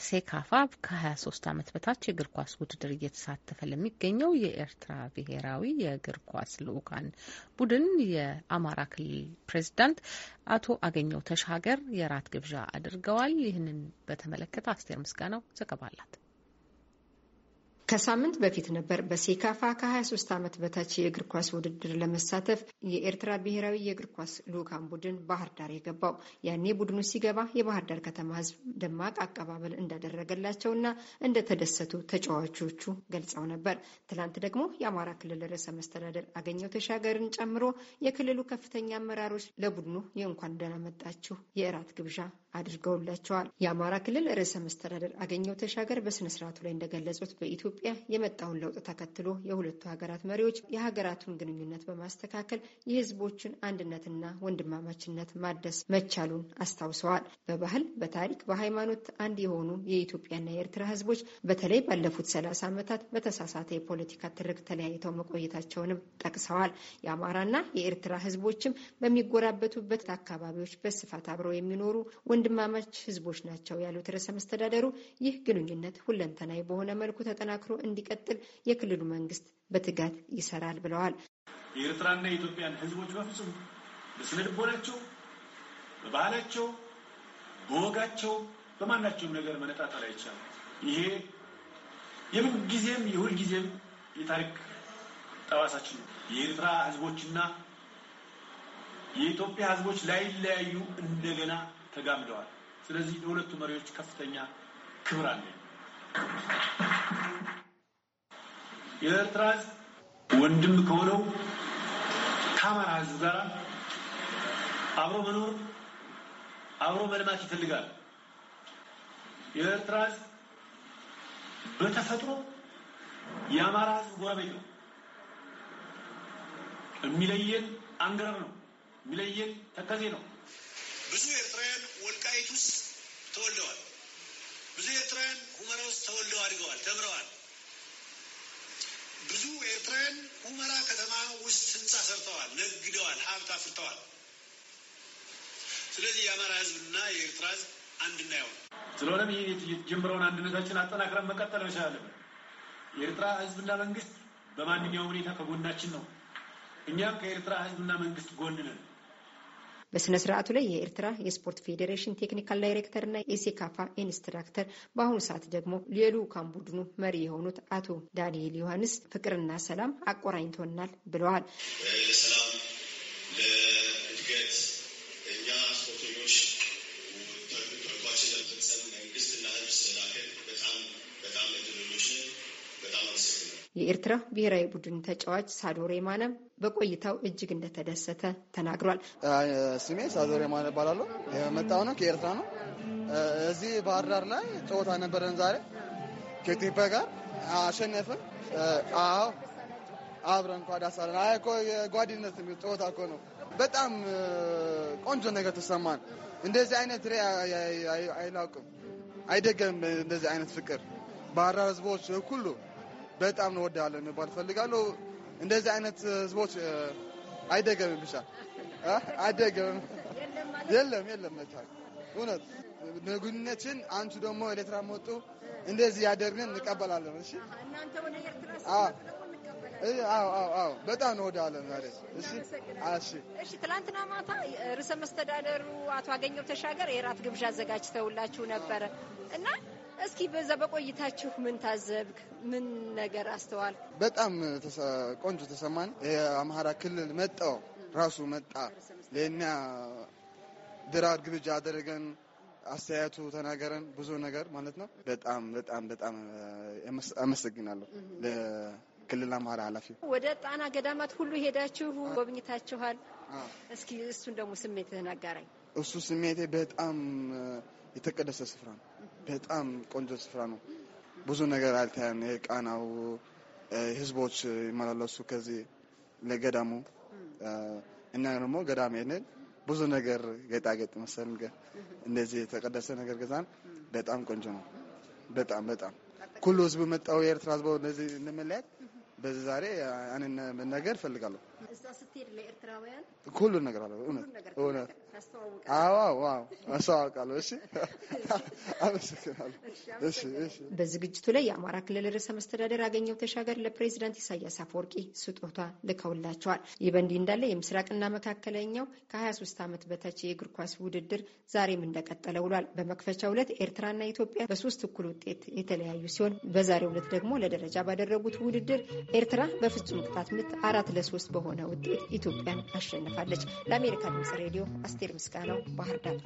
በሴካፋ ከ23 ዓመት በታች የእግር ኳስ ውድድር እየተሳተፈ ለሚገኘው የኤርትራ ብሔራዊ የእግር ኳስ ልዑካን ቡድን የአማራ ክልል ፕሬዚዳንት አቶ አገኘው ተሻገር የራት ግብዣ አድርገዋል። ይህንን በተመለከተ አስቴር ምስጋናው ዘገባ አላት። ከሳምንት በፊት ነበር በሴካፋ ከ23 ዓመት በታች የእግር ኳስ ውድድር ለመሳተፍ የኤርትራ ብሔራዊ የእግር ኳስ ልዑካን ቡድን ባህር ዳር የገባው። ያኔ ቡድኑ ሲገባ የባህር ዳር ከተማ ሕዝብ ደማቅ አቀባበል እንዳደረገላቸውና እንደተደሰቱ ተጫዋቾቹ ገልጸው ነበር። ትናንት ደግሞ የአማራ ክልል ርዕሰ መስተዳደር አገኘው ተሻገርን ጨምሮ የክልሉ ከፍተኛ አመራሮች ለቡድኑ የእንኳን ደህና መጣችሁ የእራት ግብዣ አድርገውላቸዋል። የአማራ ክልል ርዕሰ መስተዳደር አገኘው ተሻገር በስነ ስርዓቱ ላይ እንደገለጹት በኢትዮጵያ የመጣውን ለውጥ ተከትሎ የሁለቱ ሀገራት መሪዎች የሀገራቱን ግንኙነት በማስተካከል የህዝቦችን አንድነትና ወንድማማችነት ማደስ መቻሉን አስታውሰዋል። በባህል፣ በታሪክ፣ በሃይማኖት አንድ የሆኑ የኢትዮጵያና የኤርትራ ህዝቦች በተለይ ባለፉት ሰላሳ ዓመታት በተሳሳተ የፖለቲካ ትርክ ተለያይተው መቆየታቸውንም ጠቅሰዋል። የአማራና የኤርትራ ህዝቦችም በሚጎራበቱበት አካባቢዎች በስፋት አብረው የሚኖሩ ወንድ ወንድማማች ህዝቦች ናቸው ያሉት ርዕሰ መስተዳደሩ ይህ ግንኙነት ሁለንተናዊ በሆነ መልኩ ተጠናክሮ እንዲቀጥል የክልሉ መንግስት በትጋት ይሰራል ብለዋል። የኤርትራና የኢትዮጵያን ህዝቦች በፍጹም በስነ ልቦናቸው፣ በባህላቸው፣ በወጋቸው በማናቸውም ነገር መነጣጠል አይቻልም። ይሄ የምንጊዜም የሁልጊዜም የታሪክ ጠባሳችን ነው። የኤርትራ ህዝቦችና የኢትዮጵያ ህዝቦች ላይለያዩ እንደገና ተጋምደዋል። ስለዚህ ለሁለቱ መሪዎች ከፍተኛ ክብር አለ። የኤርትራ ወንድም ከሆነው ከአማራ ህዝብ ጋር አብሮ መኖር አብሮ መልማት ይፈልጋል። የኤርትራ በተፈጥሮ የአማራ ህዝብ ጎረቤት ነው። የሚለየን አንገረብ ነው። የሚለየን ተከዜ ነው። ብዙ ኤርትራውያን ወልቃይት ውስጥ ተወልደዋል። ብዙ ኤርትራውያን ሁመራ ውስጥ ተወልደው አድገዋል፣ ተምረዋል። ብዙ ኤርትራውያን ሁመራ ከተማ ውስጥ ህንፃ ሰርተዋል፣ ነግደዋል፣ ሀብት አፍርተዋል። ስለዚህ የአማራ ህዝብና የኤርትራ ህዝብ አንድ እናየዋል። ስለሆነም ይህ የተጀመረውን አንድነታችን አጠናክረን መቀጠል መቻላለን። የኤርትራ ህዝብና መንግስት በማንኛውም ሁኔታ ከጎናችን ነው። እኛም ከኤርትራ ህዝብና መንግስት ጎን ነን። በስነ ስርዓቱ ላይ የኤርትራ የስፖርት ፌዴሬሽን ቴክኒካል ዳይሬክተር እና የሴካፋ ኢንስትራክተር በአሁኑ ሰዓት ደግሞ የልዑካን ቡድኑ መሪ የሆኑት አቶ ዳንኤል ዮሐንስ ፍቅርና ሰላም አቆራኝቶናል ብለዋል። መንግስትና ህዝብ በጣም በጣም እድለኞች ነን። የኤርትራ ብሔራዊ ቡድን ተጫዋች ሳዶሬ ማነም በቆይታው እጅግ እንደተደሰተ ተናግሯል። ስሜ ሳዶሬ ማነ እባላለሁ። የመጣው ነው ከኤርትራ ነው። እዚህ ባህር ዳር ላይ ጨዋታ ነበረን ዛሬ ከኢትዮጵያ ጋር አሸነፍን። አዎ አብረን ኳ ዳሳለን። አይ እኮ የጓደኝነት ጨዋታ እኮ ነው። በጣም ቆንጆ ነገር ተሰማን። እንደዚህ አይነት ሬ አይላውቅም አይደገም እንደዚህ አይነት ፍቅር ባህር ዳር ህዝቦች ሁሉ በጣም እንወዳለን መባል ፈልጋለሁ። እንደዚህ አይነት ህዝቦች አይደገምም፣ ብቻ አይደገምም። የለም የለም፣ መቻል እውነት ንጉነችን አንቺ ደግሞ ኤሌትራ መጡ እንደዚህ ያደርግን እንቀበላለን። እሺ አዎ አዎ፣ በጣም እንወዳለን ማለት እሺ። እሺ እሺ። ትላንትና ማታ ርዕሰ መስተዳደሩ አቶ አገኘው ተሻገር የራት ግብዣ አዘጋጅተውላችሁ ነበረ እና እስኪ በዛ በቆይታችሁ ምን ታዘብክ? ምን ነገር አስተዋል? በጣም ቆንጆ ተሰማን። የአማራ ክልል መጣው ራሱ መጣ ለእኛ ድራር ግብዣ አደረገን። አስተያየቱ ተናገረን። ብዙ ነገር ማለት ነው። በጣም በጣም በጣም አመሰግናለሁ ለክልል አማራ ኃላፊ። ወደ ጣና ገዳማት ሁሉ ሄዳችሁ ጎብኝታችኋል። እስኪ እሱን ደግሞ ስሜት አጋራኝ። እሱ ስሜቴ በጣም የተቀደሰ ስፍራ ነው። በጣም ቆንጆ ስፍራ ነው። ብዙ ነገር አልታያን። የቃናው ህዝቦች ይመላለሱ ከዚህ ለገዳሙ እና ደግሞ ገዳም ሄነን ብዙ ነገር ጌጣጌጥ መሰል ነገር እንደዚህ የተቀደሰ ነገር ገዛን። በጣም ቆንጆ ነው። በጣም በጣም ኩሉ ህዝብ መጣው የኤርትራ ህዝቦ እንደዚህ እንመለያት በዚህ ዛሬ አንን መናገር እፈልጋለሁ። እዛ ነገር አለ። እውነት እውነት አስተዋውቃለሁ። እሺ፣ አመሰግናለሁ። እሺ፣ እሺ። በዝግጅቱ ላይ የአማራ ክልል ርዕሰ መስተዳደር አገኘው ተሻገር ለፕሬዚዳንት ኢሳያስ አፈወርቂ ስጦታ ልከውላቸዋል። ይህ በእንዲህ እንዳለ የምስራቅና መካከለኛው ከ23 ዓመት በታች የእግር ኳስ ውድድር ዛሬም እንደቀጠለ ውሏል። በመክፈቻው ዕለት ኤርትራና ኢትዮጵያ በሶስት እኩል ውጤት የተለያዩ ሲሆን በዛሬው ዕለት ደግሞ ለደረጃ ባደረጉት ውድድር ኤርትራ በፍጹም ቅጣት ምት አራት ለሶስት በሆነ በሆነ ውጤት ኢትዮጵያን አሸንፋለች። ለአሜሪካ ድምጽ ሬዲዮ አስቴር ምስጋናው ባህር ዳር